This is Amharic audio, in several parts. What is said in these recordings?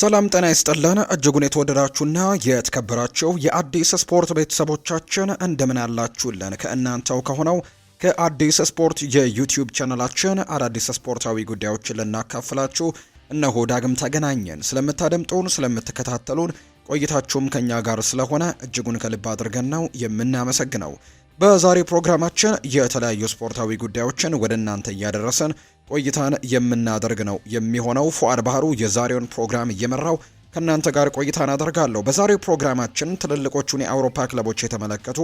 ሰላም ጤና ይስጥልን እጅጉን የተወደዳችሁና የተከበራችሁ የአዲስ ስፖርት ቤተሰቦቻችን እንደምን አላችሁልን? ከእናንተው ከሆነው ከአዲስ ስፖርት የዩቲዩብ ቻናላችን አዳዲስ ስፖርታዊ ጉዳዮችን ልናካፍላችሁ እነሆ ዳግም ተገናኘን። ስለምታደምጡን፣ ስለምትከታተሉን ቆይታችሁም ከኛ ጋር ስለሆነ እጅጉን ከልብ አድርገን ነው የምናመሰግነው። በዛሬ ፕሮግራማችን የተለያዩ ስፖርታዊ ጉዳዮችን ወደ እናንተ እያደረሰን ቆይታን የምናደርግ ነው የሚሆነው። ፉአድ ባህሩ የዛሬውን ፕሮግራም እየመራው ከእናንተ ጋር ቆይታን አደርጋለሁ። በዛሬው ፕሮግራማችን ትልልቆቹን የአውሮፓ ክለቦች የተመለከቱ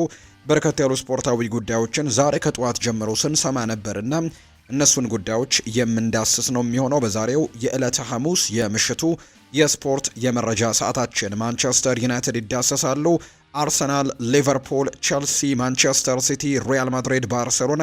በርከት ያሉ ስፖርታዊ ጉዳዮችን ዛሬ ከጠዋት ጀምሮ ስንሰማ ነበርና እነሱን ጉዳዮች የምንዳስስ ነው የሚሆነው በዛሬው የዕለተ ሐሙስ የምሽቱ የስፖርት የመረጃ ሰዓታችን ማንቸስተር ዩናይትድ ይዳሰሳሉ። አርሰናል፣ ሊቨርፑል፣ ቸልሲ፣ ማንቸስተር ሲቲ፣ ሪያል ማድሪድ፣ ባርሴሎና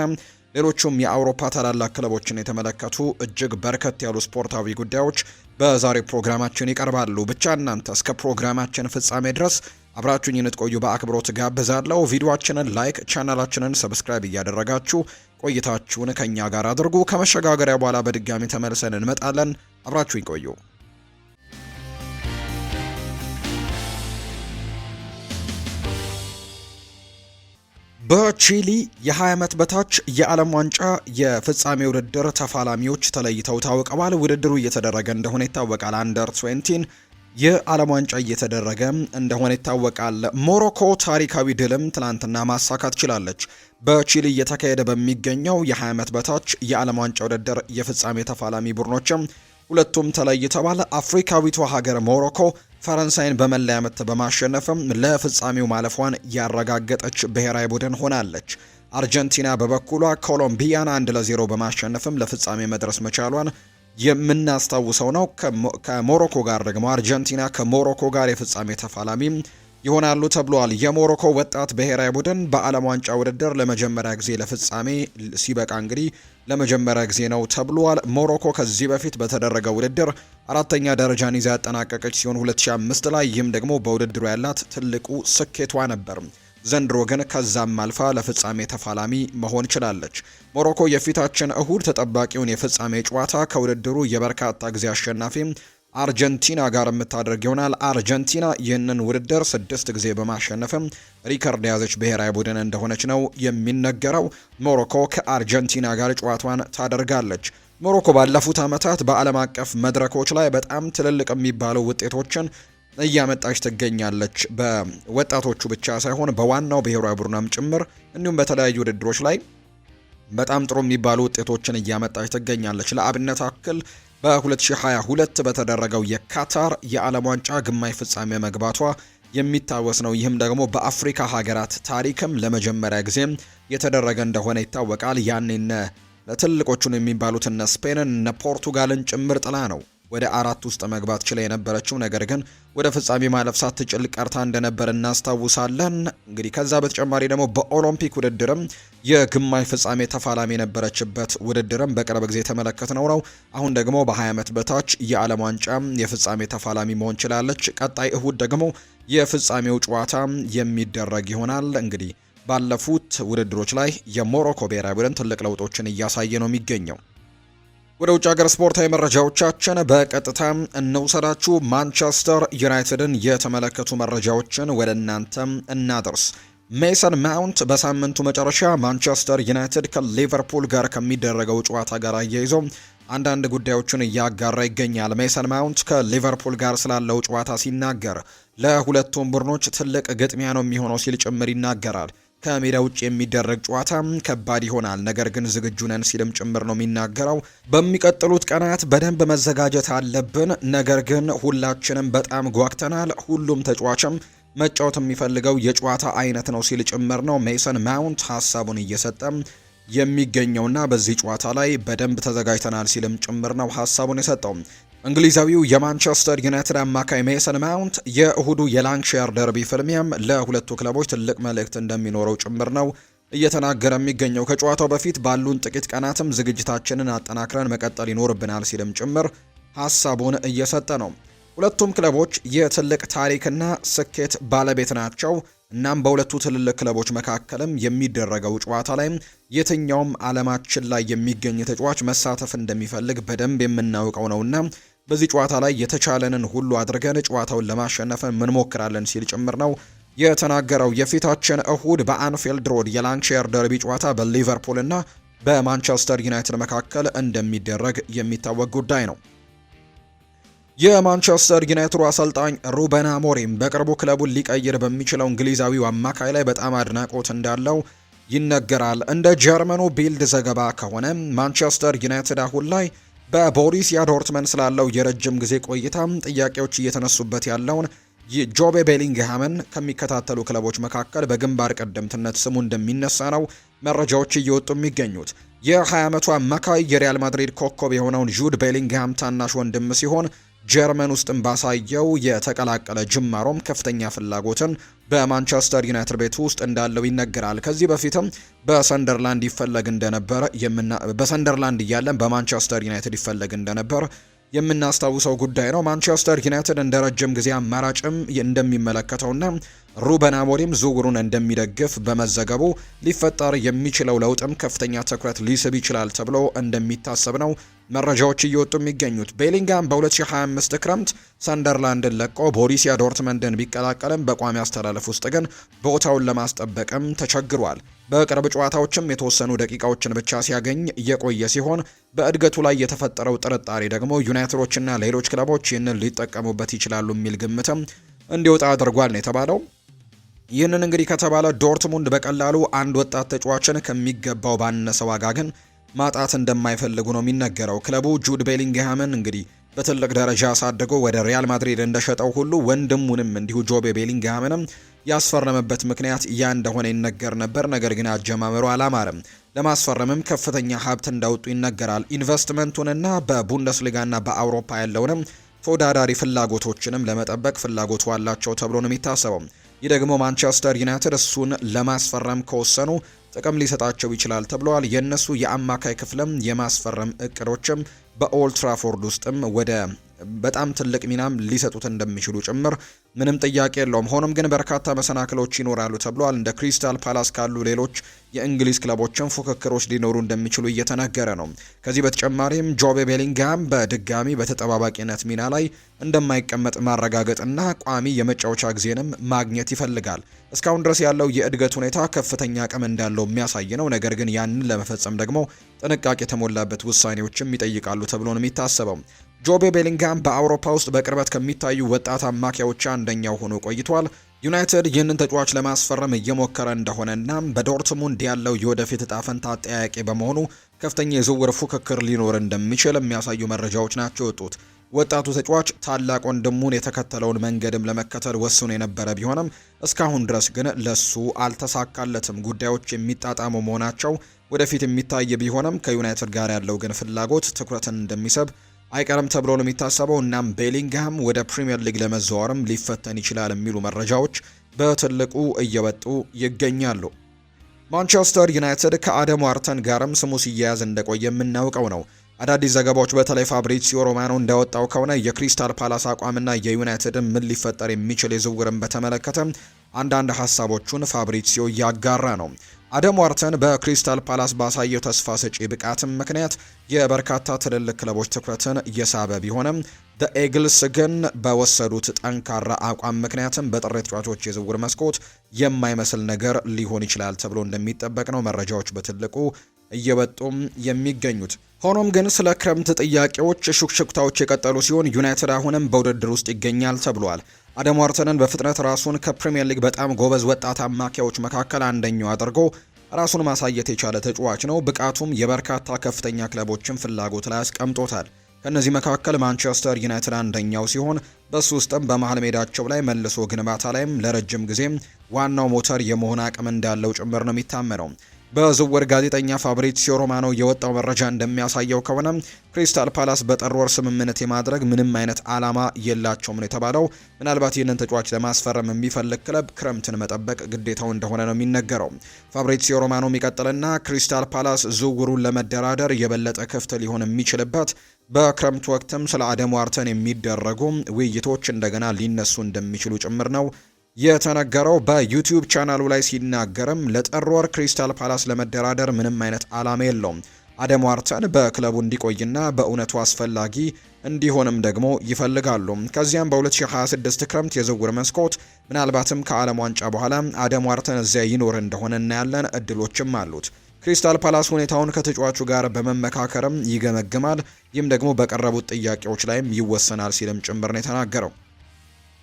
ሌሎቹም የአውሮፓ ታላላቅ ክለቦችን የተመለከቱ እጅግ በርከት ያሉ ስፖርታዊ ጉዳዮች በዛሬው ፕሮግራማችን ይቀርባሉ። ብቻ እናንተ እስከ ፕሮግራማችን ፍጻሜ ድረስ አብራችሁኝ እንድትቆዩ በአክብሮት ጋብዛለሁ። ቪዲዮአችንን ላይክ፣ ቻናላችንን ሰብስክራይብ እያደረጋችሁ ቆይታችሁን ከኛ ጋር አድርጉ። ከመሸጋገሪያ በኋላ በድጋሚ ተመልሰን እንመጣለን። አብራችሁኝ ቆዩ። በቺሊ የ20 ዓመት በታች የዓለም ዋንጫ የፍጻሜ ውድድር ተፋላሚዎች ተለይተው ታውቀዋል። ውድድሩ እየተደረገ እንደሆነ ይታወቃል። አንደር 20 የዓለም ዋንጫ እየተደረገ እንደሆነ ይታወቃል። ሞሮኮ ታሪካዊ ድልም ትላንትና ማሳካት ችላለች። በቺሊ እየተካሄደ በሚገኘው የ20 ዓመት በታች የዓለም ዋንጫ ውድድር የፍጻሜ ተፋላሚ ቡድኖችም ሁለቱም ተለይተዋል። አፍሪካዊቷ ሀገር ሞሮኮ ፈረንሳይን በመለያ ምት በማሸነፍም ለፍጻሜው ማለፏን ያረጋገጠች ብሔራዊ ቡድን ሆናለች። አርጀንቲና በበኩሏ ኮሎምቢያን አንድ ለዜሮ በማሸነፍም ለፍጻሜ መድረስ መቻሏን የምናስታውሰው ነው። ከሞሮኮ ጋር ደግሞ አርጀንቲና ከሞሮኮ ጋር የፍጻሜ ተፋላሚ ይሆናሉ ተብሏል። የሞሮኮ ወጣት ብሔራዊ ቡድን በዓለም ዋንጫ ውድድር ለመጀመሪያ ጊዜ ለፍጻሜ ሲበቃ እንግዲህ ለመጀመሪያ ጊዜ ነው ተብሏል። ሞሮኮ ከዚህ በፊት በተደረገው ውድድር አራተኛ ደረጃን ይዛ ያጠናቀቀች ሲሆን 2005 ላይ ይህም ደግሞ በውድድሩ ያላት ትልቁ ስኬቷ ነበር። ዘንድሮ ግን ከዛም አልፋ ለፍጻሜ ተፋላሚ መሆን ችላለች። ሞሮኮ የፊታችን እሁድ ተጠባቂውን የፍጻሜ ጨዋታ ከውድድሩ የበርካታ ጊዜ አሸናፊ አርጀንቲና ጋር የምታደርግ ይሆናል። አርጀንቲና ይህንን ውድድር ስድስት ጊዜ በማሸነፍም ሪከርድ የያዘች ብሔራዊ ቡድን እንደሆነች ነው የሚነገረው። ሞሮኮ ከአርጀንቲና ጋር ጨዋቷን ታደርጋለች። ሞሮኮ ባለፉት ዓመታት በዓለም አቀፍ መድረኮች ላይ በጣም ትልልቅ የሚባሉ ውጤቶችን እያመጣች ትገኛለች። በወጣቶቹ ብቻ ሳይሆን በዋናው ብሔራዊ ቡድናም ጭምር እንዲሁም በተለያዩ ውድድሮች ላይ በጣም ጥሩ የሚባሉ ውጤቶችን እያመጣች ትገኛለች። ለአብነት አክል በ2022 በተደረገው የካታር የዓለም ዋንጫ ግማሽ ፍጻሜ መግባቷ የሚታወስ ነው። ይህም ደግሞ በአፍሪካ ሀገራት ታሪክም ለመጀመሪያ ጊዜ የተደረገ እንደሆነ ይታወቃል። ያኔ ትልቆቹን የሚባሉት እነ ስፔንን እነ ፖርቱጋልን ጭምር ጥላ ነው ወደ አራት ውስጥ መግባት ችላ የነበረችው ነገር ግን ወደ ፍጻሜ ማለፍ ሳትችል ቀርታ እንደነበር እናስታውሳለን። እንግዲህ ከዛ በተጨማሪ ደግሞ በኦሎምፒክ ውድድርም የግማሽ ፍጻሜ ተፋላሚ የነበረችበት ውድድርም በቅርብ ጊዜ ነው ነው። አሁን ደግሞ በ20 ዓመት በታች የዓለም ዋንጫ የፍጻሜ ተፋላሚ መሆን ችላለች። ቀጣይ እሁድ ደግሞ የፍጻሜው ጨዋታ የሚደረግ ይሆናል። እንግዲህ ባለፉት ውድድሮች ላይ የሞሮኮ ብሔራዊ ቡድን ትልቅ ለውጦችን እያሳየ ነው የሚገኘው። ወደ ውጭ ሀገር ስፖርታዊ መረጃዎቻችን በቀጥታ እንውሰዳችሁ። ማንቸስተር ዩናይትድን የተመለከቱ መረጃዎችን ወደ እናንተም እናደርስ። ሜሰን ማውንት በሳምንቱ መጨረሻ ማንቸስተር ዩናይትድ ከሊቨርፑል ጋር ከሚደረገው ጨዋታ ጋር አያይዞ አንዳንድ ጉዳዮችን እያጋራ ይገኛል። ሜሰን ማውንት ከሊቨርፑል ጋር ስላለው ጨዋታ ሲናገር ለሁለቱም ቡድኖች ትልቅ ግጥሚያ ነው የሚሆነው ሲል ጭምር ይናገራል። ከሜዳ ውጭ የሚደረግ ጨዋታ ከባድ ይሆናል፣ ነገር ግን ዝግጁ ነን ሲልም ጭምር ነው የሚናገረው። በሚቀጥሉት ቀናት በደንብ መዘጋጀት አለብን፣ ነገር ግን ሁላችንም በጣም ጓግተናል። ሁሉም ተጫዋችም መጫወት የሚፈልገው የጨዋታ አይነት ነው ሲል ጭምር ነው ሜሰን ማውንት ሀሳቡን እየሰጠ የሚገኘውና በዚህ ጨዋታ ላይ በደንብ ተዘጋጅተናል ሲልም ጭምር ነው ሀሳቡን የሰጠው። እንግሊዛዊው የማንቸስተር ዩናይትድ አማካይ ሜሰን ማውንት የእሁዱ የላንክሻየር ደርቢ ፍልሚያም ለሁለቱ ክለቦች ትልቅ መልእክት እንደሚኖረው ጭምር ነው እየተናገረ የሚገኘው። ከጨዋታው በፊት ባሉን ጥቂት ቀናትም ዝግጅታችንን አጠናክረን መቀጠል ይኖርብናል ሲልም ጭምር ሀሳቡን እየሰጠ ነው። ሁለቱም ክለቦች የትልቅ ታሪክና ስኬት ባለቤት ናቸው። እናም በሁለቱ ትልልቅ ክለቦች መካከልም የሚደረገው ጨዋታ ላይም የትኛውም ዓለማችን ላይ የሚገኝ ተጫዋች መሳተፍ እንደሚፈልግ በደንብ የምናውቀው ነውና በዚህ ጨዋታ ላይ የተቻለንን ሁሉ አድርገን ጨዋታውን ለማሸነፍ እንሞክራለን ሲል ጭምር ነው የተናገረው። የፊታችን እሁድ በአንፊልድ ሮድ የላንክሻየር ደርቢ ጨዋታ በሊቨርፑልና በማንቸስተር ዩናይትድ መካከል እንደሚደረግ የሚታወቅ ጉዳይ ነው። የማንቸስተር ዩናይትዱ አሰልጣኝ ሩበን አሞሪም በቅርቡ ክለቡን ሊቀይር በሚችለው እንግሊዛዊው አማካይ ላይ በጣም አድናቆት እንዳለው ይነገራል። እንደ ጀርመኑ ቢልድ ዘገባ ከሆነ ማንቸስተር ዩናይትድ አሁን ላይ በቦሪሲያ ዶርትመንድ ስላለው የረጅም ጊዜ ቆይታም ጥያቄዎች እየተነሱበት ያለውን ጆቤ ቤሊንግሃምን ከሚከታተሉ ክለቦች መካከል በግንባር ቀደምትነት ስሙ እንደሚነሳ ነው መረጃዎች እየወጡ የሚገኙት። የ20 ዓመቱ አማካይ የሪያል ማድሪድ ኮከብ የሆነውን ጁድ ቤሊንግሃም ታናሽ ወንድም ሲሆን ጀርመን ውስጥም ባሳየው የተቀላቀለ ጅማሮም ከፍተኛ ፍላጎትን በማንቸስተር ዩናይትድ ቤት ውስጥ እንዳለው ይነገራል። ከዚህ በፊትም በሰንደርላንድ ይፈለግ እንደነበረ በሰንደርላንድ እያለን በማንቸስተር ዩናይትድ ይፈለግ እንደነበር የምናስታውሰው ጉዳይ ነው። ማንቸስተር ዩናይትድ እንደ ረጅም ጊዜ አማራጭም እንደሚመለከተውና ሩበን አሞሪም ዝውውሩን እንደሚደግፍ በመዘገቡ ሊፈጠር የሚችለው ለውጥም ከፍተኛ ትኩረት ሊስብ ይችላል ተብሎ እንደሚታሰብ ነው መረጃዎች እየወጡ የሚገኙት። ቤሊንጋም በ2025 ክረምት ሰንደርላንድን ለቆ ቦሪሲያ ዶርትመንድን ቢቀላቀልም በቋሚ አስተላለፍ ውስጥ ግን ቦታውን ለማስጠበቅም ተቸግሯል። በቅርብ ጨዋታዎችም የተወሰኑ ደቂቃዎችን ብቻ ሲያገኝ እየቆየ ሲሆን በእድገቱ ላይ የተፈጠረው ጥርጣሬ ደግሞ ዩናይትዶችና ሌሎች ክለቦች ይህንን ሊጠቀሙበት ይችላሉ የሚል ግምትም እንዲወጣ አድርጓል ነው የተባለው። ይህንን እንግዲህ ከተባለ ዶርትሙንድ በቀላሉ አንድ ወጣት ተጫዋችን ከሚገባው ባነሰ ዋጋ ግን ማጣት እንደማይፈልጉ ነው የሚነገረው። ክለቡ ጁድ ቤሊንግሃምን እንግዲህ በትልቅ ደረጃ አሳድጎ ወደ ሪያል ማድሪድ እንደሸጠው ሁሉ ወንድሙንም እንዲሁ ጆቤ ቤሊንግሃምንም ያስፈረመበት ምክንያት ያ እንደሆነ ይነገር ነበር። ነገር ግን አጀማመሩ አላማረም። ለማስፈረምም ከፍተኛ ሀብት እንዳወጡ ይነገራል። ኢንቨስትመንቱንና በቡንደስሊጋና በአውሮፓ ያለውንም ተወዳዳሪ ፍላጎቶችንም ለመጠበቅ ፍላጎቱ አላቸው ተብሎ ነው የሚታሰበው። ይህ ደግሞ ማንቸስተር ዩናይትድ እሱን ለማስፈረም ከወሰኑ ጥቅም ሊሰጣቸው ይችላል ተብለዋል። የእነሱ የአማካይ ክፍልም የማስፈረም እቅዶችም በኦልትራፎርድ ውስጥም ወደ በጣም ትልቅ ሚናም ሊሰጡት እንደሚችሉ ጭምር ምንም ጥያቄ የለውም። ሆኖም ግን በርካታ መሰናክሎች ይኖራሉ ተብሏል። እንደ ክሪስታል ፓላስ ካሉ ሌሎች የእንግሊዝ ክለቦችም ፉክክሮች ሊኖሩ እንደሚችሉ እየተነገረ ነው። ከዚህ በተጨማሪም ጆቤ ቤሊንግሃም በድጋሚ በተጠባባቂነት ሚና ላይ እንደማይቀመጥ ማረጋገጥና ቋሚ የመጫወቻ ጊዜንም ማግኘት ይፈልጋል። እስካሁን ድረስ ያለው የእድገት ሁኔታ ከፍተኛ አቅም እንዳለው የሚያሳይ ነው። ነገር ግን ያንን ለመፈጸም ደግሞ ጥንቃቄ የተሞላበት ውሳኔዎችም ይጠይቃሉ ተብሎ ነው የሚታሰበው። ጆቤ ቤሊንጋም በአውሮፓ ውስጥ በቅርበት ከሚታዩ ወጣት አማካዮች አንደኛው ሆኖ ቆይቷል። ዩናይትድ ይህንን ተጫዋች ለማስፈረም እየሞከረ እንደሆነና በዶርትሙንድ ያለው የወደፊት እጣ ፈንታ አጠያቂ በመሆኑ ከፍተኛ የዝውውር ፉክክር ሊኖር እንደሚችል የሚያሳዩ መረጃዎች ናቸው የወጡት። ወጣቱ ተጫዋች ታላቅ ወንድሙን የተከተለውን መንገድም ለመከተል ወስኖ የነበረ ቢሆንም እስካሁን ድረስ ግን ለሱ አልተሳካለትም። ጉዳዮች የሚጣጣሙ መሆናቸው ወደፊት የሚታይ ቢሆንም ከዩናይትድ ጋር ያለው ግን ፍላጎት ትኩረትን እንደሚስብ አይቀርም ተብሎ ነው የሚታሰበው። እናም ቤሊንግሃም ወደ ፕሪምየር ሊግ ለመዘዋወርም ሊፈተን ይችላል የሚሉ መረጃዎች በትልቁ እየወጡ ይገኛሉ። ማንቸስተር ዩናይትድ ከአደም ዋርተን ጋርም ስሙ ሲያያዝ እንደቆየ የምናውቀው ነው። አዳዲስ ዘገባዎች በተለይ ፋብሪሲዮ ሮማኖ እንዳወጣው ከሆነ የክሪስታል ፓላስ አቋምና የዩናይትድን ምን ሊፈጠር የሚችል የዝውውርን በተመለከተ አንዳንድ ሀሳቦቹን ፋብሪሲዮ እያጋራ ነው። አደም ዋርተን በክሪስታል ፓላስ ባሳየው ተስፋ ሰጪ ብቃትም ምክንያት የበርካታ ትልልቅ ክለቦች ትኩረትን እየሳበ ቢሆንም ኤግልስ ግን በወሰዱት ጠንካራ አቋም ምክንያትም በጥር ተጫዋቾች የዝውውር መስኮት የማይመስል ነገር ሊሆን ይችላል ተብሎ እንደሚጠበቅ ነው መረጃዎች በትልቁ እየወጡም የሚገኙት። ሆኖም ግን ስለ ክረምት ጥያቄዎች ሹክሹክታዎች የቀጠሉ ሲሆን ዩናይትድ አሁንም በውድድር ውስጥ ይገኛል ተብሏል። አደም ዋርተንን በፍጥነት ራሱን ከፕሪምየር ሊግ በጣም ጎበዝ ወጣት አማካዮች መካከል አንደኛው አድርጎ ራሱን ማሳየት የቻለ ተጫዋች ነው። ብቃቱም የበርካታ ከፍተኛ ክለቦችን ፍላጎት ላይ አስቀምጦታል። ከእነዚህ መካከል ማንቸስተር ዩናይትድ አንደኛው ሲሆን በሱ ውስጥም በመሀል ሜዳቸው ላይ መልሶ ግንባታ ላይም ለረጅም ጊዜም ዋናው ሞተር የመሆን አቅም እንዳለው ጭምር ነው የሚታመነው። በዝውውር ጋዜጠኛ ፋብሪሲዮ ሮማኖ የወጣው መረጃ እንደሚያሳየው ከሆነ ክሪስታል ፓላስ በጥር ወር ስምምነት የማድረግ ምንም አይነት ዓላማ የላቸውም ነው የተባለው። ምናልባት ይህንን ተጫዋች ለማስፈረም የሚፈልግ ክለብ ክረምትን መጠበቅ ግዴታው እንደሆነ ነው የሚነገረው። ፋብሪሲዮ ሮማኖ የሚቀጥልና ክሪስታል ፓላስ ዝውውሩን ለመደራደር የበለጠ ክፍት ሊሆን የሚችልበት በክረምት ወቅትም ስለ አደም ዋርተን የሚደረጉ ውይይቶች እንደገና ሊነሱ እንደሚችሉ ጭምር ነው የተነገረው በዩቲዩብ ቻናሉ ላይ ሲናገርም ለጥር ወር ክሪስታል ፓላስ ለመደራደር ምንም አይነት ዓላማ የለውም። አደም ዋርተን በክለቡ እንዲቆይና በእውነቱ አስፈላጊ እንዲሆንም ደግሞ ይፈልጋሉ። ከዚያም በ2026 ክረምት የዝውውር መስኮት ምናልባትም ከዓለም ዋንጫ በኋላ አደም ዋርተን እዚያ ይኖር እንደሆነ እናያለን። እድሎችም አሉት። ክሪስታል ፓላስ ሁኔታውን ከተጫዋቹ ጋር በመመካከርም ይገመግማል። ይህም ደግሞ በቀረቡት ጥያቄዎች ላይም ይወሰናል ሲልም ጭምር ነው የተናገረው።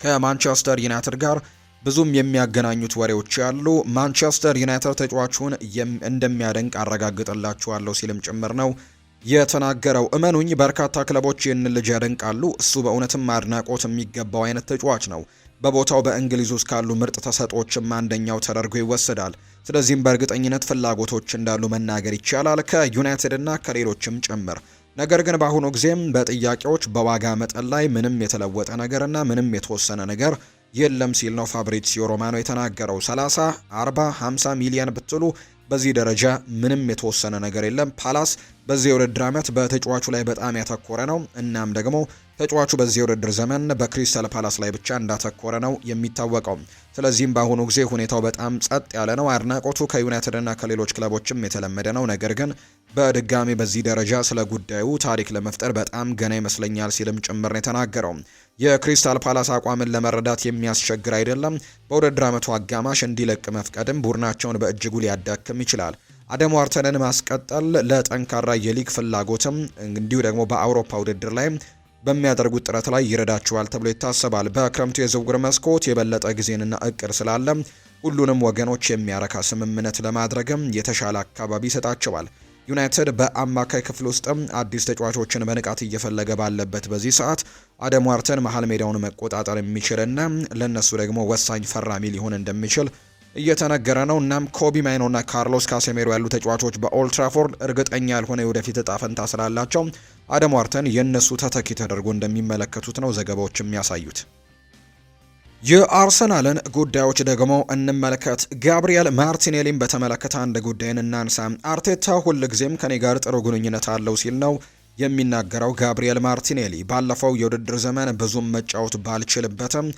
ከማንቸስተር ዩናይትድ ጋር ብዙም የሚያገናኙት ወሬዎች ያሉ ማንቸስተር ዩናይትድ ተጫዋቹን እንደሚያደንቅ አረጋግጥላችኋለሁ ሲልም ጭምር ነው የተናገረው። እመኑኝ በርካታ ክለቦች ይህንን ልጅ ያደንቃሉ። እሱ በእውነትም አድናቆት የሚገባው አይነት ተጫዋች ነው። በቦታው በእንግሊዝ ውስጥ ካሉ ምርጥ ተሰጦችም አንደኛው ተደርጎ ይወሰዳል። ስለዚህም በእርግጠኝነት ፍላጎቶች እንዳሉ መናገር ይቻላል ከዩናይትድ እና ከሌሎችም ጭምር። ነገር ግን በአሁኑ ጊዜም በጥያቄዎች በዋጋ መጠን ላይ ምንም የተለወጠ ነገርና ምንም የተወሰነ ነገር የለም ሲል ነው ፋብሪዚዮ ሮማኖ የተናገረው። 30፣ 40፣ 50 ሚሊዮን ብትሉ በዚህ ደረጃ ምንም የተወሰነ ነገር የለም። ፓላስ በዚህ የውድድር ዓመት በተጫዋቹ ላይ በጣም ያተኮረ ነው። እናም ደግሞ ተጫዋቹ በዚህ የውድድር ዘመን በክሪስታል ፓላስ ላይ ብቻ እንዳተኮረ ነው የሚታወቀው። ስለዚህም በአሁኑ ጊዜ ሁኔታው በጣም ጸጥ ያለ ነው። አድናቆቱ ከዩናይትድና ከሌሎች ክለቦችም የተለመደ ነው። ነገር ግን በድጋሚ በዚህ ደረጃ ስለ ጉዳዩ ታሪክ ለመፍጠር በጣም ገና ይመስለኛል ሲልም ጭምር ነው የተናገረው። የክሪስታል ፓላስ አቋምን ለመረዳት የሚያስቸግር አይደለም። በውድድር ዓመቱ አጋማሽ እንዲለቅ መፍቀድም ቡድናቸውን በእጅጉ ሊያዳክም ይችላል። አደም ዋርተንን ማስቀጠል ለጠንካራ የሊግ ፍላጎትም እንዲሁ ደግሞ በአውሮፓ ውድድር ላይ በሚያደርጉት ጥረት ላይ ይረዳቸዋል ተብሎ ይታሰባል። በክረምቱ የዝውውር መስኮት የበለጠ ጊዜንና እቅድ ስላለ ሁሉንም ወገኖች የሚያረካ ስምምነት ለማድረግም የተሻለ አካባቢ ይሰጣቸዋል። ዩናይትድ በአማካይ ክፍል ውስጥም አዲስ ተጫዋቾችን በንቃት እየፈለገ ባለበት በዚህ ሰዓት አደም ዋርተን መሀል ሜዳውን መቆጣጠር የሚችልና ለእነሱ ደግሞ ወሳኝ ፈራሚ ሊሆን እንደሚችል እየተነገረ ነው። እናም ኮቢ ማይኖና ካርሎስ ካሴሜሮ ያሉ ተጫዋቾች በኦልትራፎርድ እርግጠኛ ያልሆነ የወደፊት እጣ ፈንታ ስላላቸው አደም ዋርተን የእነሱ ተተኪ ተደርጎ እንደሚመለከቱት ነው ዘገባዎች የሚያሳዩት። የአርሰናልን ጉዳዮች ደግሞ እንመልከት። ጋብሪኤል ማርቲኔሊን በተመለከተ አንድ ጉዳይን እናንሳ። አርቴታ ሁልጊዜም ከኔ ጋር ጥሩ ግንኙነት አለው ሲል ነው የሚናገረው። ጋብሪኤል ማርቲኔሊ ባለፈው የውድድር ዘመን ብዙም መጫወት ባልችልበትም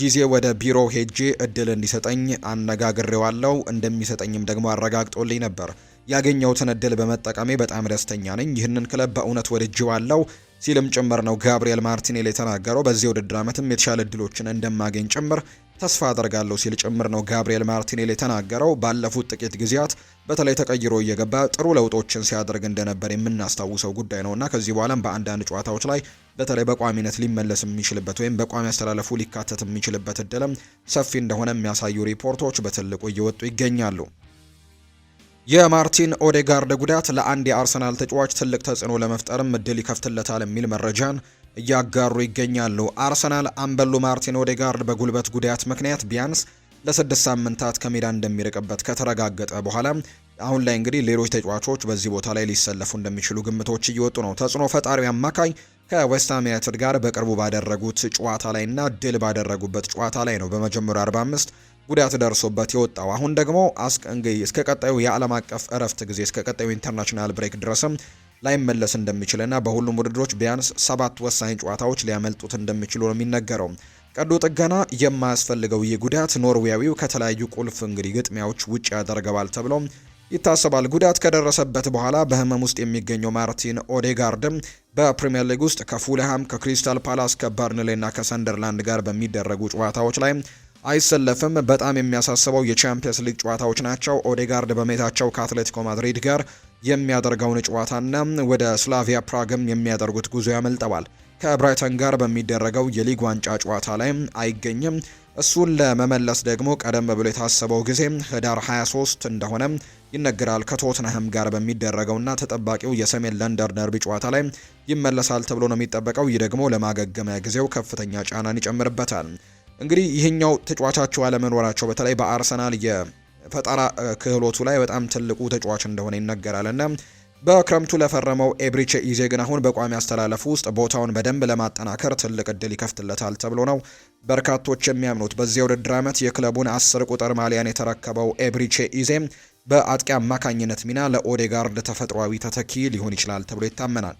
ጊዜ ወደ ቢሮ ሄጄ እድል እንዲሰጠኝ አነጋግሬዋለው። እንደሚሰጠኝም ደግሞ አረጋግጦልኝ ነበር። ያገኘሁትን እድል በመጠቀሜ በጣም ደስተኛ ነኝ። ይህንን ክለብ በእውነት ወድጄዋለሁ። ሲልም ጭምር ነው ጋብሪኤል ማርቲኔል የተናገረው። በዚህ ውድድር ዓመትም የተሻለ እድሎችን እንደማገኝ ጭምር ተስፋ አደርጋለሁ ሲል ጭምር ነው ጋብሪኤል ማርቲኔል የተናገረው። ባለፉት ጥቂት ጊዜያት በተለይ ተቀይሮ እየገባ ጥሩ ለውጦችን ሲያደርግ እንደነበር የምናስታውሰው ጉዳይ ነውና ከዚህ በኋላም በአንዳንድ ጨዋታዎች ላይ በተለይ በቋሚነት ሊመለስ የሚችልበት ወይም በቋሚ አስተላለፉ ሊካተት የሚችልበት እድልም ሰፊ እንደሆነ የሚያሳዩ ሪፖርቶች በትልቁ እየወጡ ይገኛሉ። የማርቲን ኦዴጋርድ ጉዳት ለአንድ የአርሰናል ተጫዋች ትልቅ ተጽዕኖ ለመፍጠርም እድል ይከፍትለታል የሚል መረጃን እያጋሩ ይገኛሉ። አርሰናል አምበሉ ማርቲን ኦዴጋርድ በጉልበት ጉዳት ምክንያት ቢያንስ ለስድስት ሳምንታት ከሜዳ እንደሚርቅበት ከተረጋገጠ በኋላ አሁን ላይ እንግዲህ ሌሎች ተጫዋቾች በዚህ ቦታ ላይ ሊሰለፉ እንደሚችሉ ግምቶች እየወጡ ነው። ተጽዕኖ ፈጣሪው አማካኝ ከዌስትሃም ዩናይትድ ጋር በቅርቡ ባደረጉት ጨዋታ ላይ እና ድል ባደረጉበት ጨዋታ ላይ ነው በመጀመሪያ 45 ጉዳት ደርሶበት የወጣው አሁን ደግሞ እንግዲህ እስከ ቀጣዩ የዓለም አቀፍ እረፍት ጊዜ እስከ ቀጣዩ ኢንተርናሽናል ብሬክ ድረስም ላይመለስ እንደሚችልና በሁሉም ውድድሮች ቢያንስ ሰባት ወሳኝ ጨዋታዎች ሊያመልጡት እንደሚችሉ ነው የሚነገረው። ቀዶ ጥገና የማያስፈልገው ይህ ጉዳት ኖርዌያዊው ከተለያዩ ቁልፍ እንግዲህ ግጥሚያዎች ውጭ ያደርገዋል ተብሎ ይታሰባል። ጉዳት ከደረሰበት በኋላ በህመም ውስጥ የሚገኘው ማርቲን ኦዴጋርድም በፕሪምየር ሊግ ውስጥ ከፉልሃም፣ ከክሪስታል ፓላስ፣ ከበርንሌ እና ከሰንደርላንድ ጋር በሚደረጉ ጨዋታዎች ላይ አይሰለፍም። በጣም የሚያሳስበው የቻምፒየንስ ሊግ ጨዋታዎች ናቸው። ኦዴጋርድ በሜታቸው ከአትሌቲኮ ማድሪድ ጋር የሚያደርገውን ጨዋታና ወደ ስላቪያ ፕራግም የሚያደርጉት ጉዞ ያመልጠዋል። ከብራይተን ጋር በሚደረገው የሊግ ዋንጫ ጨዋታ ላይ አይገኝም። እሱን ለመመለስ ደግሞ ቀደም ብሎ የታሰበው ጊዜ ህዳር 23 እንደሆነ ይነገራል። ከቶትንሃም ጋር በሚደረገውና ተጠባቂው የሰሜን ለንደን ደርቢ ጨዋታ ላይ ይመለሳል ተብሎ ነው የሚጠበቀው። ይህ ደግሞ ለማገገሚያ ጊዜው ከፍተኛ ጫናን ይጨምርበታል። እንግዲህ ይህኛው ተጫዋቻቸው አለመኖራቸው በተለይ በአርሰናል የፈጠራ ክህሎቱ ላይ በጣም ትልቁ ተጫዋች እንደሆነ ይነገራል እና በክረምቱ ለፈረመው ኤብሪቼ ኢዜ ግን አሁን በቋሚ አስተላለፉ ውስጥ ቦታውን በደንብ ለማጠናከር ትልቅ እድል ይከፍትለታል ተብሎ ነው በርካቶች የሚያምኑት። በዚህ ውድድር ዓመት የክለቡን አስር ቁጥር ማሊያን የተረከበው ኤብሪቼ ኢዜ በአጥቂ አማካኝነት ሚና ለኦዴጋርድ ተፈጥሯዊ ተተኪ ሊሆን ይችላል ተብሎ ይታመናል።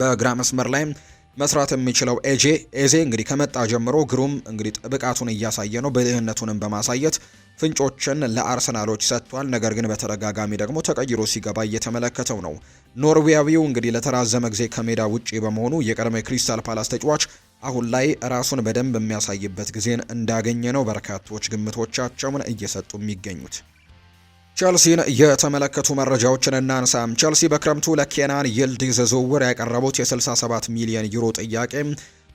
በግራ መስመር ላይም መስራት የሚችለው ኤጄ ኤዜ እንግዲህ ከመጣ ጀምሮ ግሩም እንግዲህ ብቃቱን እያሳየ ነው። ብልህነቱንም በማሳየት ፍንጮችን ለአርሰናሎች ሰጥቷል። ነገር ግን በተደጋጋሚ ደግሞ ተቀይሮ ሲገባ እየተመለከተው ነው። ኖርዌያዊው እንግዲህ ለተራዘመ ጊዜ ከሜዳ ውጪ በመሆኑ የቀድሞ ክሪስታል ፓላስ ተጫዋች አሁን ላይ ራሱን በደንብ የሚያሳይበት ጊዜን እንዳገኘ ነው በርካቶች ግምቶቻቸውን እየሰጡ የሚገኙት። ቸልሲን የተመለከቱ መረጃዎችን እናንሳም። ቸልሲ በክረምቱ ለኬናን ይልዲዝ ዝውውር ያቀረቡት የ67 ሚሊዮን ዩሮ ጥያቄ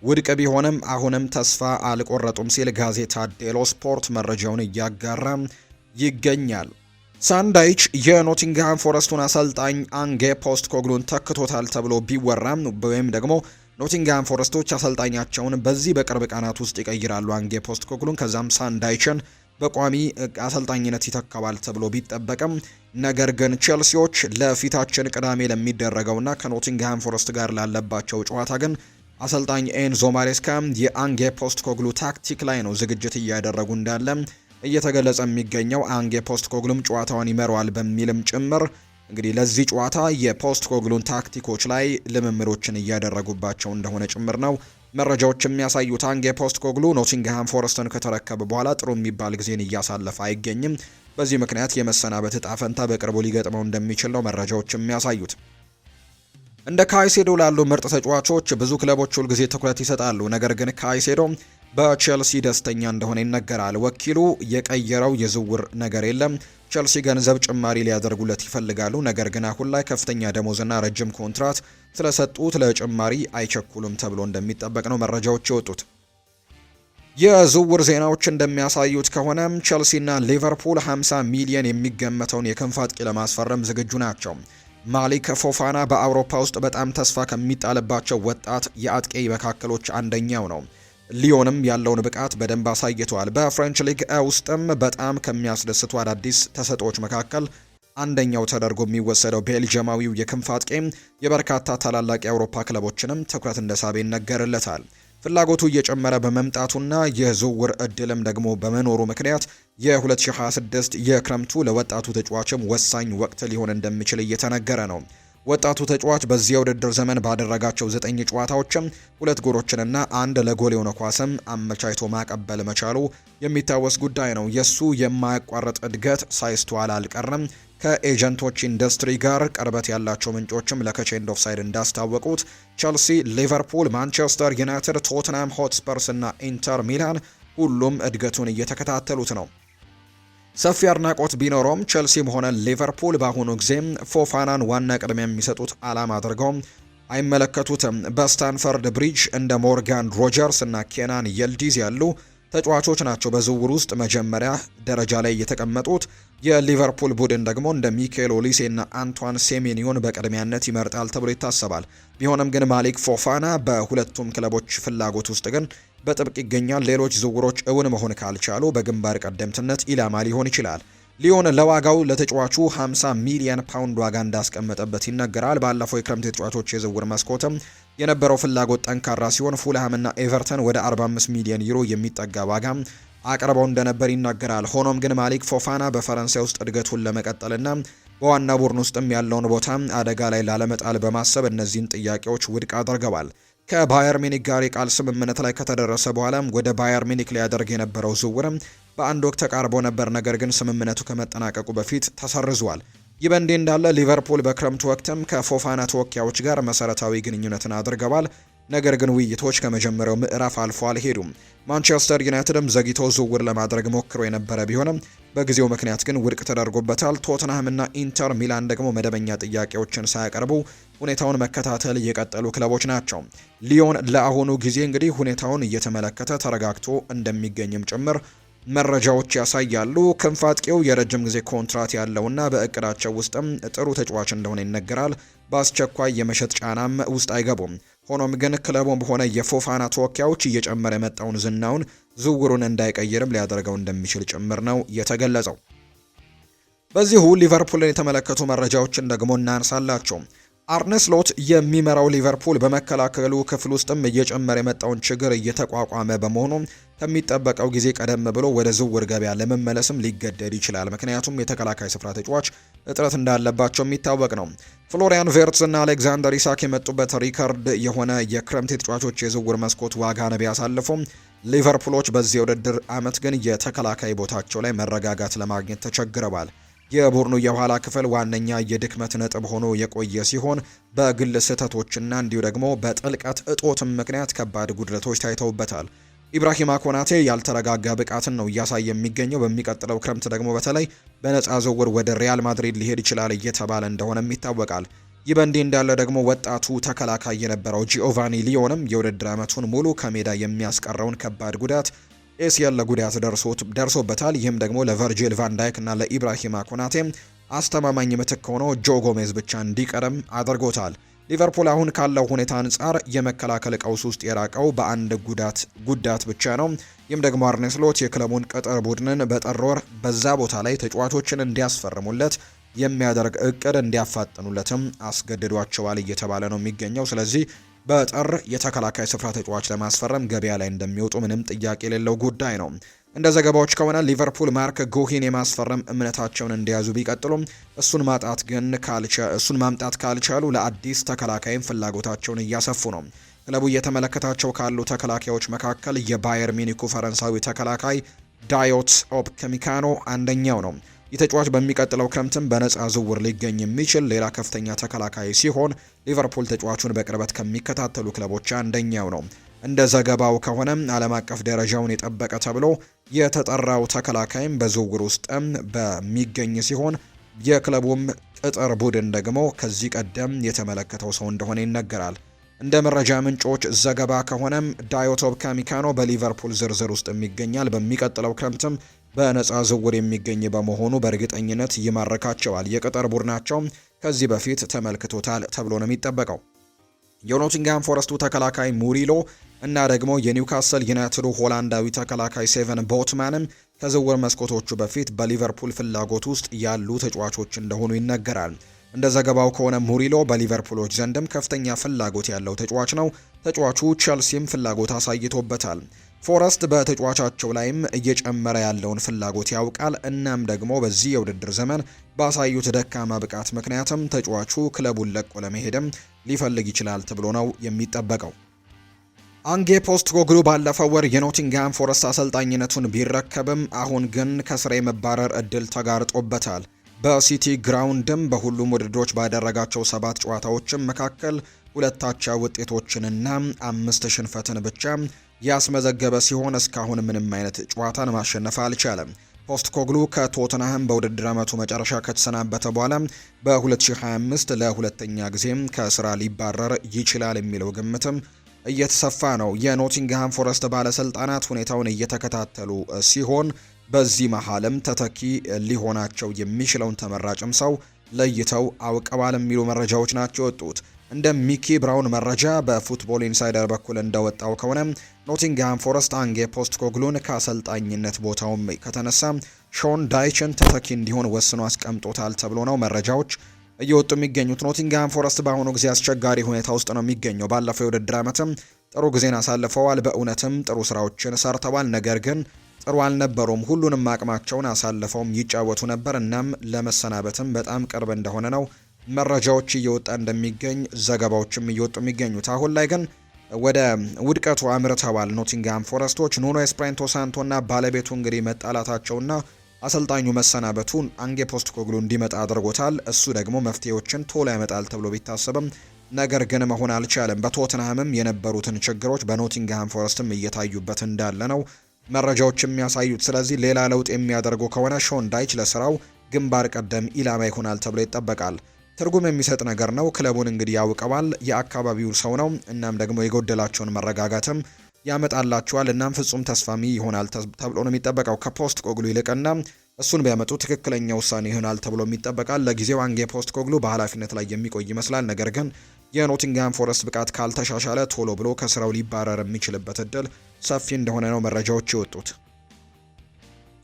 ውድቅ ቢሆንም አሁንም ተስፋ አልቆረጡም ሲል ጋዜጣ ዴሎ ስፖርት መረጃውን እያጋራ ይገኛል። ሳንዳይች የኖቲንግሃም ፎረስቱን አሰልጣኝ አንጌ ፖስት ኮግሉን ተክቶታል ተብሎ ቢወራም ወይም ደግሞ ኖቲንግሃም ፎረስቶች አሰልጣኛቸውን በዚህ በቅርብ ቀናት ውስጥ ይቀይራሉ አንጌ ፖስት ኮግሉን ከዛም ሳንዳይችን በቋሚ አሰልጣኝነት ይተካባል ተብሎ ቢጠበቅም ነገር ግን ቼልሲዎች ለፊታችን ቅዳሜ ለሚደረገውና ከኖቲንግሃም ፎረስት ጋር ላለባቸው ጨዋታ ግን አሰልጣኝ ኤንዞ ማሬስካ የአንጌ ፖስት ኮግሉ ታክቲክ ላይ ነው ዝግጅት እያደረጉ እንዳለ እየተገለጸ የሚገኘው አንጌ ፖስት ኮግሉም ጨዋታውን ይመራዋል በሚልም ጭምር እንግዲህ ለዚህ ጨዋታ የፖስት ኮግሉን ታክቲኮች ላይ ልምምዶችን እያደረጉባቸው እንደሆነ ጭምር ነው መረጃዎች የሚያሳዩት አንጌ ፖስት ኮግሉ ኖቲንግሃም ፎረስትን ከተረከበ በኋላ ጥሩ የሚባል ጊዜን እያሳለፈ አይገኝም። በዚህ ምክንያት የመሰናበት እጣ ፈንታ በቅርቡ ሊገጥመው እንደሚችል ነው መረጃዎች የሚያሳዩት። እንደ ካይሴዶ ላሉ ምርጥ ተጫዋቾች ብዙ ክለቦች ሁልጊዜ ትኩረት ይሰጣሉ። ነገር ግን ካይሴዶ በቼልሲ ደስተኛ እንደሆነ ይነገራል። ወኪሉ የቀየረው የዝውውር ነገር የለም። ቼልሲ ገንዘብ ጭማሪ ሊያደርጉለት ይፈልጋሉ። ነገር ግን አሁን ላይ ከፍተኛ ደሞዝና ረጅም ኮንትራት ስለሰጡት ለጭማሪ አይቸኩሉም ተብሎ እንደሚጠበቅ ነው መረጃዎች የወጡት። የዝውውር ዜናዎች እንደሚያሳዩት ከሆነም ቸልሲና ሊቨርፑል 50 ሚሊየን የሚገመተውን የክንፍ አጥቂ ለማስፈረም ዝግጁ ናቸው። ማሊክ ፎፋና በአውሮፓ ውስጥ በጣም ተስፋ ከሚጣልባቸው ወጣት የአጥቂ መካከሎች አንደኛው ነው። ሊዮንም ያለውን ብቃት በደንብ አሳይቷል። በፍሬንች ሊግ ውስጥም በጣም ከሚያስደስቱ አዳዲስ ተሰጦች መካከል አንደኛው ተደርጎ የሚወሰደው ቤልጅማዊው የክንፍ አጥቂ የበርካታ ታላላቅ የአውሮፓ ክለቦችንም ትኩረት እንደሳበ ይነገርለታል። ፍላጎቱ እየጨመረ በመምጣቱና የዝውውር እድልም ደግሞ በመኖሩ ምክንያት የ2026 የክረምቱ ለወጣቱ ተጫዋችም ወሳኝ ወቅት ሊሆን እንደሚችል እየተነገረ ነው። ወጣቱ ተጫዋች በዚህ የውድድር ዘመን ባደረጋቸው ዘጠኝ ጨዋታዎችም ሁለት ጎሎችንና አንድ ለጎል የሆነ ኳስም አመቻችቶ ማቀበል መቻሉ የሚታወስ ጉዳይ ነው። የሱ የማያቋርጥ እድገት ሳይስተዋል አልቀረም። ከኤጀንቶች ኢንዱስትሪ ጋር ቅርበት ያላቸው ምንጮችም ለከቼንድ ሳይድ እንዳስታወቁት ቸልሲ፣ ሊቨርፑል፣ ማንቸስተር ዩናይትድ፣ ቶትናም ሆትስፐርስ እና ኢንተር ሚላን ሁሉም እድገቱን እየተከታተሉት ነው። ሰፊ አድናቆት ቢኖረውም ቸልሲም ሆነ ሊቨርፑል በአሁኑ ጊዜም ፎፋናን ዋና ቅድሚያ የሚሰጡት ዓላማ አድርገው አይመለከቱትም። በስታንፈርድ ብሪጅ እንደ ሞርጋን ሮጀርስ እና ኬናን የልዲዝ ያሉ ተጫዋቾች ናቸው በዝውውር ውስጥ መጀመሪያ ደረጃ ላይ የተቀመጡት። የሊቨርፑል ቡድን ደግሞ እንደ ሚካኤል ኦሊሴና አንቷን ሴሜኒዮን በቅድሚያነት ይመርጣል ተብሎ ይታሰባል። ቢሆንም ግን ማሊክ ፎፋና በሁለቱም ክለቦች ፍላጎት ውስጥ ግን በጥብቅ ይገኛል። ሌሎች ዝውውሮች እውን መሆን ካልቻሉ በግንባር ቀደምትነት ኢላማ ሊሆን ይችላል። ሊዮን ለዋጋው ለተጫዋቹ 50 ሚሊዮን ፓውንድ ዋጋ እንዳስቀመጠበት ይነገራል። ባለፈው የክረምት የተጫዋቾች የዝውውር መስኮትም የነበረው ፍላጎት ጠንካራ ሲሆን ፉልሃምና ኤቨርተን ወደ 45 ሚሊዮን ዩሮ የሚጠጋ ዋጋ አቅርበው እንደነበር ይናገራል። ሆኖም ግን ማሊክ ፎፋና በፈረንሳይ ውስጥ እድገቱን ለመቀጠልና በዋና ቡድን ውስጥም ያለውን ቦታ አደጋ ላይ ላለመጣል በማሰብ እነዚህን ጥያቄዎች ውድቅ አድርገዋል። ከባየር ሚኒክ ጋር የቃል ስምምነት ላይ ከተደረሰ በኋላ ወደ ባየር ሚኒክ ሊያደርግ የነበረው ዝውውርም በአንድ ወቅት ተቃርቦ ነበር፣ ነገር ግን ስምምነቱ ከመጠናቀቁ በፊት ተሰርዟል። ይህ በእንዲህ እንዳለ ሊቨርፑል በክረምቱ ወቅትም ከፎፋና ተወካዮች ጋር መሰረታዊ ግንኙነትን አድርገዋል። ነገር ግን ውይይቶች ከመጀመሪያው ምዕራፍ አልፎ አልሄዱም። ማንቸስተር ዩናይትድም ዘግይቶ ዝውውር ለማድረግ ሞክሮ የነበረ ቢሆንም በጊዜው ምክንያት ግን ውድቅ ተደርጎበታል። ቶትንሃምና ኢንተር ሚላን ደግሞ መደበኛ ጥያቄዎችን ሳያቀርቡ ሁኔታውን መከታተል የቀጠሉ ክለቦች ናቸው። ሊዮን ለአሁኑ ጊዜ እንግዲህ ሁኔታውን እየተመለከተ ተረጋግቶ እንደሚገኝም ጭምር መረጃዎች ያሳያሉ። ክንፍ አጥቂው የረጅም ጊዜ ኮንትራት ያለውና በእቅዳቸው ውስጥም ጥሩ ተጫዋች እንደሆነ ይነገራል። በአስቸኳይ የመሸጥ ጫናም ውስጥ አይገቡም። ሆኖም ግን ክለቡም ሆነ የፎፋና ተወካዮች እየጨመረ የመጣውን ዝናውን ዝውውሩን እንዳይቀይርም ሊያደርገው እንደሚችል ጭምር ነው የተገለጸው። በዚሁ ሊቨርፑልን የተመለከቱ መረጃዎችን ደግሞ እናንሳላቸው። አርነስ ሎት የሚመራው ሊቨርፑል በመከላከሉ ክፍል ውስጥም እየጨመረ የመጣውን ችግር እየተቋቋመ በመሆኑ ከሚጠበቀው ጊዜ ቀደም ብሎ ወደ ዝውውር ገበያ ለመመለስም ሊገደድ ይችላል። ምክንያቱም የተከላካይ ስፍራ ተጫዋች እጥረት እንዳለባቸው የሚታወቅ ነው። ፍሎሪያን ቬርትስ እና አሌክዛንደር ኢሳክ የመጡበት ሪከርድ የሆነ የክረምት የተጫዋቾች የዝውውር መስኮት ዋጋ ነቢ ያሳልፉም። ሊቨርፑሎች በዚህ ውድድር ዓመት ግን የተከላካይ ቦታቸው ላይ መረጋጋት ለማግኘት ተቸግረዋል። የቡድኑ የኋላ ክፍል ዋነኛ የድክመት ነጥብ ሆኖ የቆየ ሲሆን በግል ስህተቶችና እንዲሁ ደግሞ በጥልቀት እጦትም ምክንያት ከባድ ጉድለቶች ታይተውበታል። ኢብራሂማ ኮናቴ ያልተረጋጋ ብቃትን ነው እያሳየ የሚገኘው። በሚቀጥለው ክረምት ደግሞ በተለይ በነጻ ዝውውር ወደ ሪያል ማድሪድ ሊሄድ ይችላል እየተባለ እንደሆነም ይታወቃል። ይህ በእንዲህ እንዳለ ደግሞ ወጣቱ ተከላካይ የነበረው ጂኦቫኒ ሊዮንም የውድድር ዓመቱን ሙሉ ከሜዳ የሚያስቀረውን ከባድ ጉዳት ኤሲኤል ጉዳት ደርሶበታል። ይህም ደግሞ ለቨርጂል ቫንዳይክ እና ለኢብራሂማ ኮናቴ አስተማማኝ ምትክ ሆኖ ጆ ጎሜዝ ብቻ እንዲቀርም አድርጎታል። ሊቨርፑል አሁን ካለው ሁኔታ አንጻር የመከላከል ቀውስ ውስጥ የራቀው በአንድ ጉዳት ጉዳት ብቻ ነው። ይህም ደግሞ አርኔ ስሎት የክለቡን ቅጥር ቡድንን በጥር ወር በዛ ቦታ ላይ ተጫዋቾችን እንዲያስፈርሙለት የሚያደርግ እቅድ እንዲያፋጥኑለትም አስገድዷቸዋል እየተባለ ነው የሚገኘው። ስለዚህ በጥር የተከላካይ ስፍራ ተጫዋች ለማስፈረም ገበያ ላይ እንደሚወጡ ምንም ጥያቄ የሌለው ጉዳይ ነው። እንደ ዘገባዎች ከሆነ ሊቨርፑል ማርክ ጎሂን የማስፈረም እምነታቸውን እንዲያዙ ቢቀጥሉም እሱን ማጣት ግን እሱን ማምጣት ካልቻሉ ለአዲስ ተከላካይም ፍላጎታቸውን እያሰፉ ነው። ክለቡ እየተመለከታቸው ካሉ ተከላካዮች መካከል የባየር ሚኒኩ ፈረንሳዊ ተከላካይ ዳዮት ኦፕ ከሚካኖ አንደኛው ነው። የተጫዋች በሚቀጥለው ክረምትም በነፃ ዝውውር ሊገኝ የሚችል ሌላ ከፍተኛ ተከላካይ ሲሆን ሊቨርፑል ተጫዋቹን በቅርበት ከሚከታተሉ ክለቦች አንደኛው ነው። እንደ ዘገባው ከሆነ ዓለም አቀፍ ደረጃውን የጠበቀ ተብሎ የተጠራው ተከላካይም በዝውውር ውስጥም በሚገኝ ሲሆን የክለቡም ቅጥር ቡድን ደግሞ ከዚህ ቀደም የተመለከተው ሰው እንደሆነ ይነገራል። እንደ መረጃ ምንጮች ዘገባ ከሆነም ዳዮቶብ ካሚካኖ በሊቨርፑል ዝርዝር ውስጥ የሚገኛል። በሚቀጥለው ክረምትም በነፃ ዝውውር የሚገኝ በመሆኑ በእርግጠኝነት ይማርካቸዋል። የቅጥር ቡድናቸውም ከዚህ በፊት ተመልክቶታል ተብሎ ነው የሚጠበቀው። የኖቲንግሃም ፎረስቱ ተከላካይ ሙሪሎ እና ደግሞ የኒውካስል ዩናይትዱ ሆላንዳዊ ተከላካይ ሴቨን ቦትማንም ከዝውውር መስኮቶቹ በፊት በሊቨርፑል ፍላጎት ውስጥ ያሉ ተጫዋቾች እንደሆኑ ይነገራል። እንደ ዘገባው ከሆነ ሙሪሎ በሊቨርፑሎች ዘንድም ከፍተኛ ፍላጎት ያለው ተጫዋች ነው። ተጫዋቹ ቼልሲም ፍላጎት አሳይቶበታል። ፎረስት በተጫዋቻቸው ላይም እየጨመረ ያለውን ፍላጎት ያውቃል። እናም ደግሞ በዚህ የውድድር ዘመን ባሳዩት ደካማ ብቃት ምክንያትም ተጫዋቹ ክለቡን ለቆ ለመሄድም ሊፈልግ ይችላል ተብሎ ነው የሚጠበቀው። አንጌ ፖስት ኮግሉ ባለፈው ወር የኖቲንግሃም ፎረስት አሰልጣኝነቱን ቢረከብም አሁን ግን ከስራ የመባረር እድል ተጋርጦበታል። በሲቲ ግራውንድም በሁሉም ውድድሮች ባደረጋቸው ሰባት ጨዋታዎችም መካከል ሁለታቻ ውጤቶችንና አምስት ሽንፈትን ብቻ ያስመዘገበ ሲሆን እስካሁን ምንም አይነት ጨዋታን ማሸነፍ አልቻለም። ፖስት ኮግሉ ከቶትናህም በውድድር ዓመቱ መጨረሻ ከተሰናበተ በኋላ በ2025 ለሁለተኛ ጊዜም ከስራ ሊባረር ይችላል የሚለው ግምትም እየተሰፋ ነው። የኖቲንግሃም ፎረስት ባለስልጣናት ሁኔታውን እየተከታተሉ ሲሆን በዚህ መሀልም ተተኪ ሊሆናቸው የሚችለውን ተመራጭም ሰው ለይተው አውቀባል የሚሉ መረጃዎች ናቸው የወጡት። እንደ ሚኪ ብራውን መረጃ በፉትቦል ኢንሳይደር በኩል እንደወጣው ከሆነ ኖቲንግሃም ፎረስት አንጌ ፖስት ኮግሉን ከአሰልጣኝነት ቦታውም ከተነሳ ሾን ዳይችን ተተኪ እንዲሆን ወስኖ አስቀምጦታል ተብሎ ነው መረጃዎች እየወጡ የሚገኙት። ኖቲንግሃም ፎረስት በአሁኑ ጊዜ አስቸጋሪ ሁኔታ ውስጥ ነው የሚገኘው። ባለፈው የውድድር ዓመትም ጥሩ ጊዜን አሳልፈዋል። በእውነትም ጥሩ ስራዎችን ሰርተዋል። ነገር ግን ጥሩ አልነበሩም። ሁሉንም አቅማቸውን አሳልፈውም ይጫወቱ ነበር። እናም ለመሰናበትም በጣም ቅርብ እንደሆነ ነው መረጃዎች እየወጣ እንደሚገኝ ዘገባዎችም እየወጡ የሚገኙት። አሁን ላይ ግን ወደ ውድቀቱ አምርተዋል ኖቲንግሃም ፎረስቶች። ኑኖ ኤስፕሬንቶ ሳንቶና ባለቤቱ እንግዲህ መጣላታቸውና አሰልጣኙ መሰናበቱን አንጌ ፖስት ኮግሉ እንዲመጣ አድርጎታል። እሱ ደግሞ መፍትሄዎችን ቶሎ ያመጣል ተብሎ ቢታሰብም ነገር ግን መሆን አልቻለም። በቶትንሃምም የነበሩትን ችግሮች በኖቲንግሃም ፎረስትም እየታዩበት እንዳለ ነው መረጃዎች የሚያሳዩት። ስለዚህ ሌላ ለውጥ የሚያደርጉ ከሆነ ሾን ዳይች ለስራው ግንባር ቀደም ኢላማ ይሆናል ተብሎ ይጠበቃል። ትርጉም የሚሰጥ ነገር ነው። ክለቡን እንግዲህ ያውቀዋል፣ የአካባቢው ሰው ነው። እናም ደግሞ የጎደላቸውን መረጋጋትም ያመጣላቸዋል። እናም ፍጹም ተስማሚ ይሆናል ተብሎ ነው የሚጠበቀው ከፖስት ኮግሉ ይልቅና እሱን ቢያመጡ ትክክለኛ ውሳኔ ይሆናል ተብሎ ይጠበቃል። ለጊዜው አንጌ ፖስት ኮግሉ በኃላፊነት ላይ የሚቆይ ይመስላል። ነገር ግን የኖቲንግሃም ፎረስት ብቃት ካልተሻሻለ ቶሎ ብሎ ከስራው ሊባረር የሚችልበት እድል ሰፊ እንደሆነ ነው መረጃዎች የወጡት።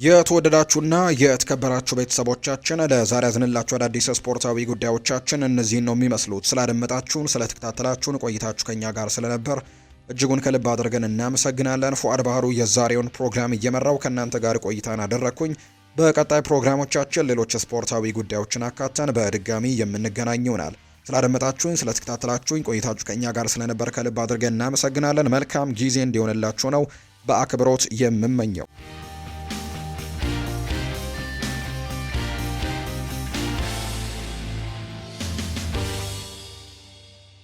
የተወደዳችሁና የተከበራችሁ ቤተሰቦቻችን ለዛሬ ያዝንላችሁ አዳዲስ ስፖርታዊ ጉዳዮቻችን እነዚህን ነው የሚመስሉት። ስላደመጣችሁን፣ ስለተከታተላችሁን ቆይታችሁ ከኛ ጋር ስለነበር እጅጉን ከልብ አድርገን እናመሰግናለን። ፉአድ ባህሩ የዛሬውን ፕሮግራም እየመራው ከእናንተ ጋር ቆይታን አደረግኩኝ። በቀጣይ ፕሮግራሞቻችን ሌሎች ስፖርታዊ ጉዳዮችን አካተን በድጋሚ የምንገናኝ ይሆናል። ስላደመጣችሁኝ፣ ስለተከታተላችሁኝ ቆይታችሁ ከእኛ ጋር ስለነበር ከልብ አድርገን እናመሰግናለን። መልካም ጊዜ እንዲሆንላችሁ ነው በአክብሮት የምመኘው።